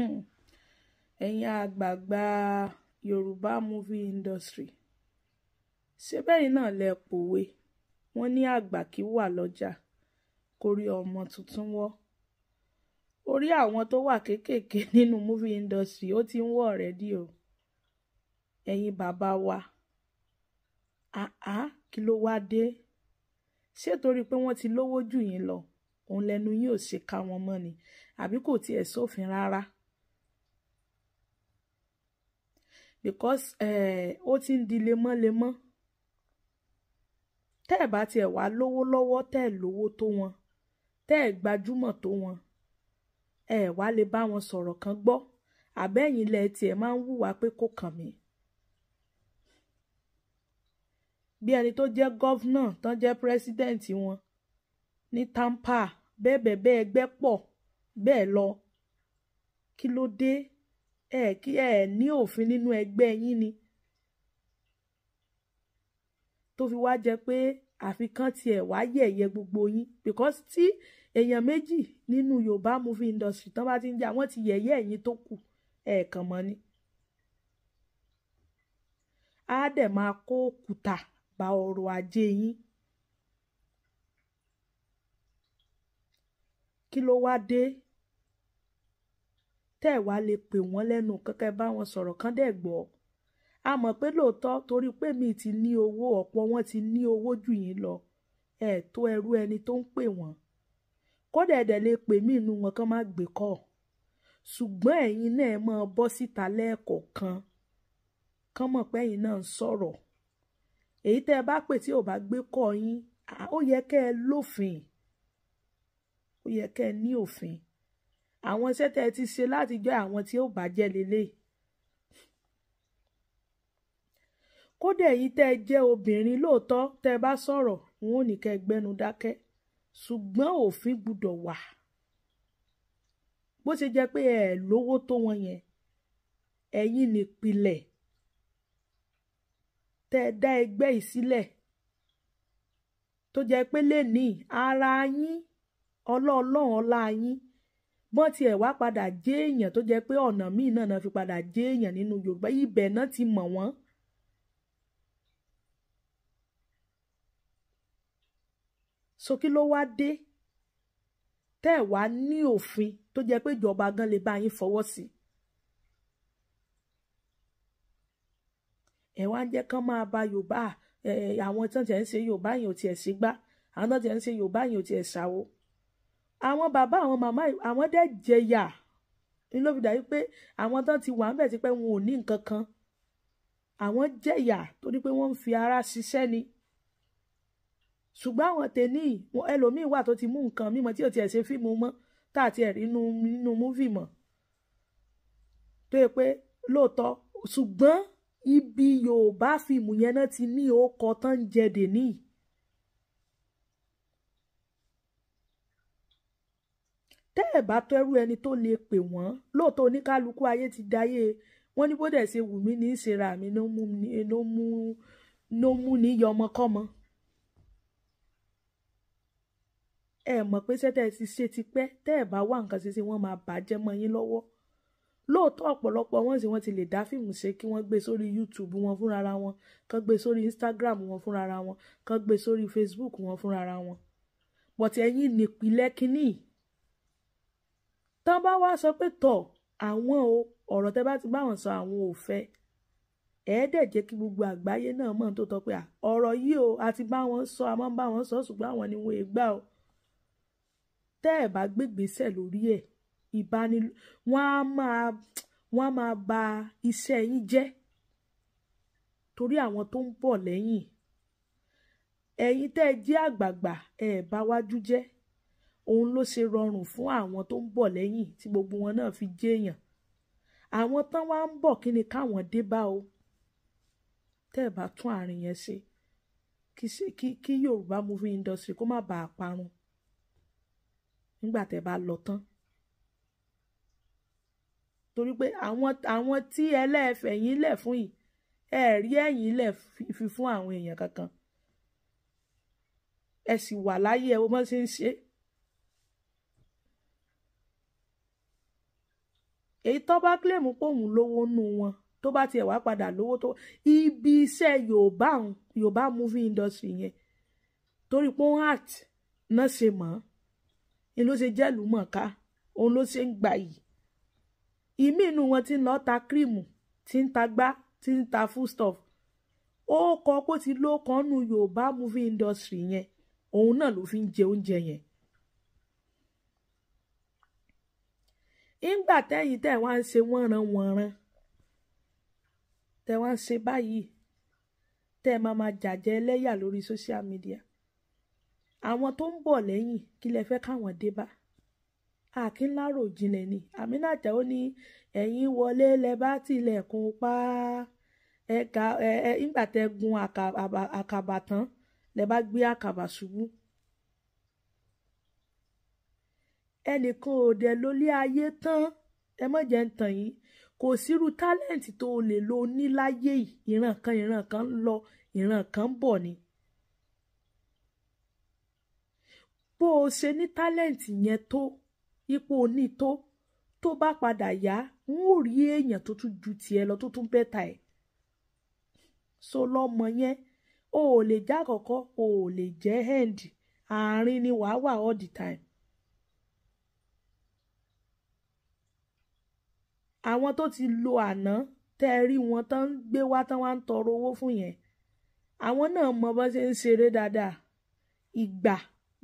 Hmm. ẹ̀yin àgbààgbà yorùbá movie industry ṣé bẹ́yìn náà lẹ pòwe wọ́n ní àgbà kì í wà lọ́jà kórí ọmọ tuntun wọ́ orí àwọn tó wà kéékèèké nínú movie industry ó ti ń wọ̀ rẹ́dí o ẹ̀yin bàbá wa àá kí ló wá dé ṣé torí pé wọ́n ti lówó jù yín lọ òun lẹnu yín ò ṣe ká wọn mọ́ ni àbí kò tiẹ̀ sófin rárá. because eh, ó ti ń di lemọ́lemọ́ tẹ́ ẹ̀ bá tiẹ̀ wá lówó lọ́wọ́ tẹ́ ẹ̀ lówó tó wọn tẹ́ ẹ̀ gbajúmọ̀ tó wọn ẹ̀ wá lè bá wọn sọ̀rọ̀ kan gbọ́ àbẹ́yìn ilẹ̀ tiẹ̀ máa ń wùwá pé kò kàn mí. bí ẹni tó jẹ́ gọ́vnà tán jẹ́ pírẹ́sídẹ̀ǹtì wọn ní Tampa bẹ́ẹ̀ bẹ́ẹ̀ bẹ́ẹ̀ ẹgbẹ́ pọ̀ bẹ́ẹ̀ lọ kí ló dé ẹ kí ẹ ní òfin nínú ẹgbẹ́ yín ni tó fi wá jẹ pé àfikán tiẹ̀ wá yẹ̀yẹ́ gbogbo yín because tí èèyàn méjì nínú Yorùbá movie industry tán bá ti ń jà wọ́n ti yẹ̀yẹ́ ẹ̀yin tó kù ẹ̀ẹ̀kan mọ́ ni á dẹ̀ máa kó òkúta ba ọrọ̀ ajé yín. kí ló wá dé tẹ́ ẹ̀ wá lè pè wọ́n lẹ́nu kankan bá wọn sọ̀rọ̀ kán dẹ̀ gbọ́ a mọ̀ pé lóòótọ́ torí pé mi ti ní owó ọ̀pọ̀ wọn ti ní owó jù yín lọ ẹ̀ tó ẹrú ẹni tó ń pè wọ́n kódà lè pè mí inú wọn kán má gbé kọ́ ṣùgbọ́n ẹ̀yin náà ẹ máa bọ́ síta lẹ́ẹ̀kọ̀ọ̀kan kán mọ̀ pé ẹ̀yin náà ń sọ̀rọ̀ èyí tẹ́ ẹ bá pè tí ò bá gbé kọ́ yín ó yẹ kẹ́ ẹ lófin ó yẹ kẹ́ ẹ ní òfin àwọn iṣẹ́ tẹ́ ẹ ti ṣe láti jẹ́ àwọn tí ó bàjẹ́ lélẹ̀ kódà èyí tẹ́ ẹ jẹ́ obìnrin lóòótọ́ tẹ́ ẹ bá sọ̀rọ̀ wọn ò ní kẹ́ ẹ gbẹ́nu dákẹ́ ṣùgbọ́n òfin gbúdọ̀ wà bó ṣe jẹ́ pé ẹ lówó tó wọn yẹn ẹ̀yin nípìlẹ̀ tẹ́ ẹ dá ẹgbẹ́ yìí sílẹ̀ tó jẹ́ pé lẹ́nìí ara yín ọlọ́ọ̀lọ́ọ̀ yín bọ́n tiẹ̀ wá padà jẹ́ èèyàn tó jẹ́ pé ọ̀nà míì náà fi padà jẹ́ èèyàn nínú Yorùbá ibẹ̀ náà ti mọ̀ wọ́n. so kí ló wá dé tẹ́ ẹ̀ wá ní òfin tó jẹ́ pé ìjọba gan lè bá yín fọwọ́ sí i. ẹ̀ wá jẹ́ kán máa ba Yorùbá àwọn tán tiẹ̀ ń ṣe Yorùbá yẹn ò tiẹ̀ sí gbá àwọn tán tiẹ̀ ń ṣe Yorùbá yẹn ò tiẹ̀ ṣàwọ́ àwọn bàbá àwọn màmá àwọn dẹ̀ jẹyà ni ló fi dàbí pé àwọn tó ti wà ń bẹ̀ ti pẹ́ wọn ò ní nǹkan kan àwọn jẹyà torí pé wọ́n ń fi ara ṣiṣẹ́ ni ṣùgbọ́n àwọn tèmi ẹlòmíì wà tó ti mú nǹkan mímọ tí ò tiẹ̀ ṣe fíìmù mọ́ tá àti ẹ̀rí nínú múfì mọ́ tó yẹ pé lóòótọ́ ṣùgbọ́n ibi Yorùbá fíìmù yẹn náà ti ní ó kọ tán jẹ dèníì ẹ̀ bá tó ẹrú ẹni tó lè pè wọ́n lóòótọ́ oníkálukú ayé ti dáyé wọ́n ní bó dẹ̀ ṣe wù mí ní ìṣera mi ló mú ló mú ní yọmọkọ́mọ. ẹ mọ̀ pé sẹ́tẹ̀ ti ṣe ti pẹ́ tẹ́ ẹ̀ bá wá nǹkan ṣe sí wọ́n máa bàjẹ́ mọ́ yín lọ́wọ́ lóòótọ́ ọ̀pọ̀lọpọ̀ wọ́n sì wọ́n ti lè dá fíìmù ṣe kí wọ́n gbé sórí YouTube wọn fúnra wọn kán gbé sórí Instagram wọn fúnra wọn kán gbé sórí Facebook wọn fúnra wọn bọ̀tẹ̀ ẹ̀yìn nípìnlẹ̀ kínní tán bá wá sọ pé tọ̀ àwọn o ọ̀rọ̀ tẹ́ bá ti bá wọn sọ àwọn ò fẹ́ ẹ̀ẹ́dẹ̀ jẹ́ kí gbogbo àgbáyé náà mọ̀ tó tọ́ pé ọ̀rọ̀ yìí o a ti bá wọn sọ a máa ń bá wọn sọ ṣùgbọ́n àwọn ni wọn è gbà o tẹ́ ẹ̀ bá gbégbèsè lórí ẹ̀ ìbáni wọ́n á máa wọ́n á máa ba iṣẹ́ yín jẹ́ torí àwọn tó ń bọ̀ lẹ́yìn ẹ̀yin tẹ́ ẹ jẹ́ àgbààgbà ẹ̀ bá wájú jẹ́ òun ló ṣe rọrùn fún àwọn tó ń bọ̀ lẹ́yìn tí gbogbo wọn náà fi jẹ́yàn àwọn tán wá ń bọ̀ kí ni káwọn dé bá o tẹ́ ẹ̀ bá tún àárín yẹn ṣe kí Yorùbá movie industry kó má bàa parun nígbà tẹ́ bá lọ tán torí pé àwọn àwọn tí ẹlẹ́ẹ̀fẹ̀ yín lẹ̀ fún yìí ẹ rí ẹ̀yìn lẹ̀ fi fún àwọn èèyàn kankan ẹ sì wà láyé ẹ wọ́n ṣe ń ṣe é. èyí tó bá kílèmù póun lówó nù wọn tó bá tiẹ̀ wá padà lówó tó ibi iṣẹ́ yorùbá yorùbá movie industry yẹn torí pé òun art náà ṣe mọ́ ẹ ló ṣe jẹ́lù mọ̀ká òun ló ṣe ń gbà yìí ìmí inú wọn ti ń lọ ta kírìmù ti ń ta gbá ti ń ta foodstuff ó kọ kó ti ló kan yorùbá movie industry yẹn òun náà ló fi ń jẹ oúnjẹ yẹn ńgbà tẹ́yìn tẹ́ wá ń ṣe wọ́nranwọ̀nran tẹ́ wá ń ṣe báyìí tẹ́ máa máa jàjẹ́ ẹlẹ́yà lórí social media àwọn tó ń bọ̀ lẹ́yìn kí lẹ fẹ́ káwọn dé bá àkínlárò jinlẹ̀ ni Amina Ajao ní ẹ̀yin wọlé lẹ bá tilẹ̀kùn pa ẹ̀ka ẹ̀ ńgbà tẹ́ gun àkàbà tán lẹ bá gbé àkàbà ṣubú ẹnìkan ò dẹ̀ lólé ayé tán ẹ mọ̀ jẹ́ ń tàn yín kò sírú tálẹ́ǹtì tó o lè lo ní yìí ìran kan ìran kan ń lọ ìran kan ń bọ̀ ni. bó o ṣe ní tálẹ́ǹtì yẹn tó ipò ní tó tó bá padà yá n ó rí èèyàn tó tún ju tiẹ̀ lọ tó tún bẹ́tà ẹ̀. so lọ́mọ yẹn o ò lè já kọ̀kọ́ o ò lè jẹ́ end àárín ni wàá wà all the time. àwọn tó ti lo àná tẹ́ ẹ rí wọn tán ń gbé wá tán wá ń tọrọ owó fún yẹn àwọn náà mọ bó ṣe ń ṣeré dáadáa ìgbà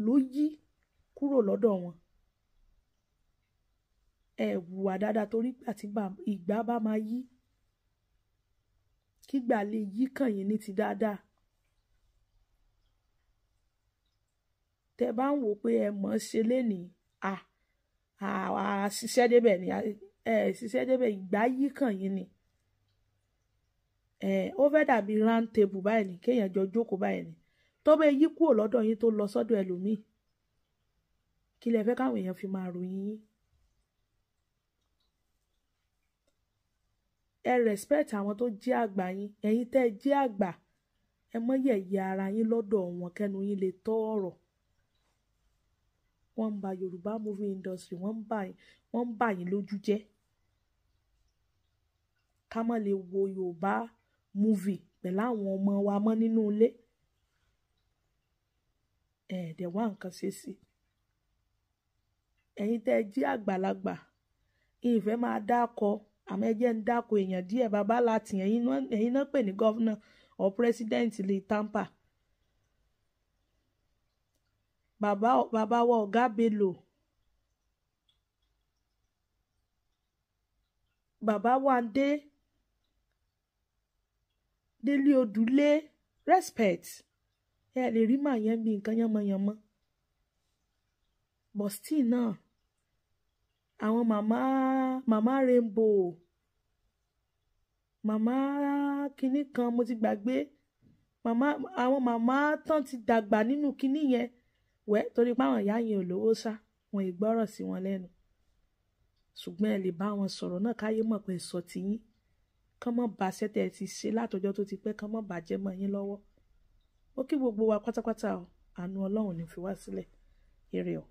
ló yí kúrò lọ́dọ̀ wọn ẹ wùwà dáadáa torí àti ìgbà bá máa yí kígbà lè yí kàn yín ní ti dáadáa tẹ́ bá ń wò pé ẹ mọ̀ ṣe lénìí à à ṣiṣẹ́ débẹ̀ ni ẹ ṣiṣẹ́ débẹ̀ ìgbà yí kàn yín ni ẹ ó fẹ́ dàbí round table báyìí ni kéèyàn jọ jókòó báyìí ni tó bẹ́ẹ̀ yí kúrò lọ́dọ̀ yín tó lọ sọ́dọ̀ ẹlòmíì kí lẹ fẹ́ káwọn èèyàn fi máa ròyìn yín ẹ respect àwọn tó jẹ́ àgbà yín ẹ̀yin tẹ́ ẹ jẹ́ àgbà ẹ mọ́ yẹ̀yẹ́ ara yín lọ́dọ̀ wọn kẹ́nu yín lè tọ́ ọ̀rọ̀ wọ́n ń ba Yorùbá movie industry wọ́n ń bà yín lójú jẹ́ ká má lè wo Yorùbá movie pẹ̀lú àwọn ọmọ wa mọ́ nínú ilé ẹ̀ẹ́dẹ̀ wá nǹkan ṣe sí i ẹ̀yin tẹ́ ẹ jí àgbàlagbà ìfẹ́ máa dákọ àmọ́ ẹjẹ́ ń dákọ èèyàn díẹ̀ bàbá láti ẹ̀yin náà pè ní gọ́vnà or president lè tampa bàbá bàbá wa ọ̀gá Bello bàbá wa ń dé délé odùlé respect ẹ lè rí màá yẹn bí nǹkan yánmọyánmọ but still náà àwọn màmá màmá rainbow màmá kinní kan mo ti gbàgbé màmá àwọn màmá tán ti dàgbà nínú kinní yẹn wẹ́ torí pé àwọn ìyá yẹn ò lówó sá wọn ì gbọ́rọ̀ sí wọn lẹ́nu ṣùgbọ́n ẹ lè bá wọn sọ̀rọ̀ náà káyé mọ̀ pé sọ tiyín kán mọ́ bá sẹ́tẹ̀ ti ṣe látọjọ́ tó ti pẹ́ kán mọ́ bàjẹ́ mọ́ yín lọ́wọ́ ó kí gbogbo wa pátápátá àánú ọlọ́run ní fi wá sílẹ̀ ire o.